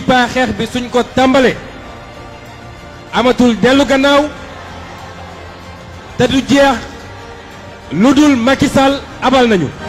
bii paa xeex bi suñ ko tàmbale amatul dellu gannaaw te du jeex lu dul Macky abal nañu